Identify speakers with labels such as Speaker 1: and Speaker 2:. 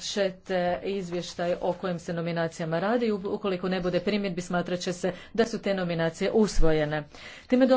Speaker 1: ćete e, izvještaj o kojim se nominacijama radi. Ukoliko ne bude primjedbi, smatrat će se da su te nominacije usvojene. Time